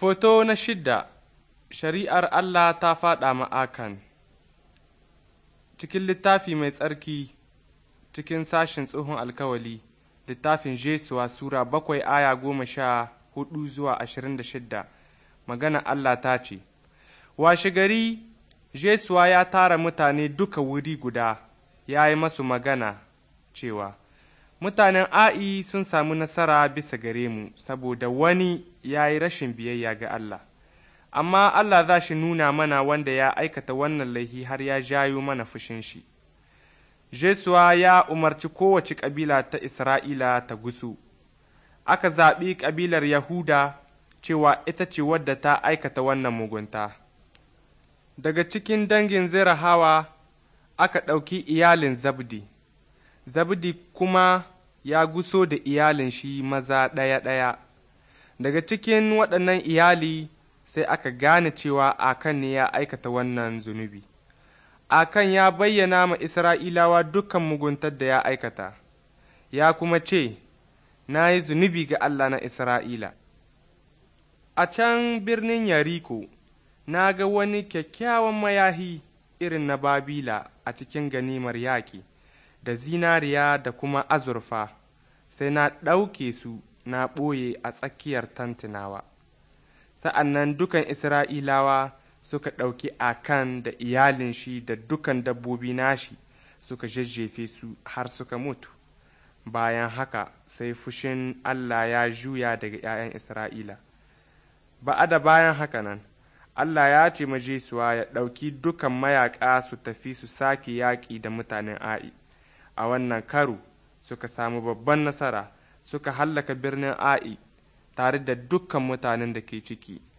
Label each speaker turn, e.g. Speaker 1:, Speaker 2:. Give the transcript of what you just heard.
Speaker 1: Foto na shidda Shari'ar Allah ta faɗa ma'akan Cikin littafi mai tsarki, cikin sashen tsohon alkawali, littafin Jesuwa Sura bakwai aya goma sha hudu zuwa ashirin da shidda, magana Allah ta ce, Washe gari, Jesuwa ya tara mutane duka wuri guda, ya yi masu magana cewa, mutanen A'i sun samu nasara bisa gare mu saboda wani ya yi rashin biyayya ga Allah, amma Allah za shi nuna mana wanda ya aikata wannan laihi har ya jayo mana fushin shi. Jesuwa ya umarci kowace ƙabila ta Isra'ila ta gusu, aka zaɓi ƙabilar Yahuda cewa ita ce wadda ta aikata wannan mugunta. Daga cikin dangin Zerahawa aka ɗauki iyalin Zabdi. zabdi kuma ya guso da iyalin shi maza ɗaya-ɗaya. Daga cikin waɗannan iyali sai aka gane cewa Akan ne ya aikata wannan zunubi. Akan ya bayyana ma Isra'ilawa dukan muguntar da ya aikata, ya kuma ce, Na yi zunubi ga Allah na Isra'ila. A can birnin Yariko, na ga wani kyakkyawan mayahi irin na Babila a cikin ganimar yaƙi. da zinariya da kuma azurfa, sai na ɗauke su na ɓoye a tsakiyar tantinawa. Sa'an nan dukan Isra'ilawa suka ɗauki akan da iyalin shi da dukan dabbobi nashi suka jajjefe su har suka mutu. Bayan haka sai fushin Allah ya juya daga ’ya'yan Isra'ila. Ba'a da bayan haka nan, Allah ya ce majesuwa ya ɗauki dukan mayaƙa su tafi su sake yaƙi da mutanen A'i. a wannan karu suka samu babban nasara suka hallaka birnin Ai tare da dukkan mutanen da ke ciki.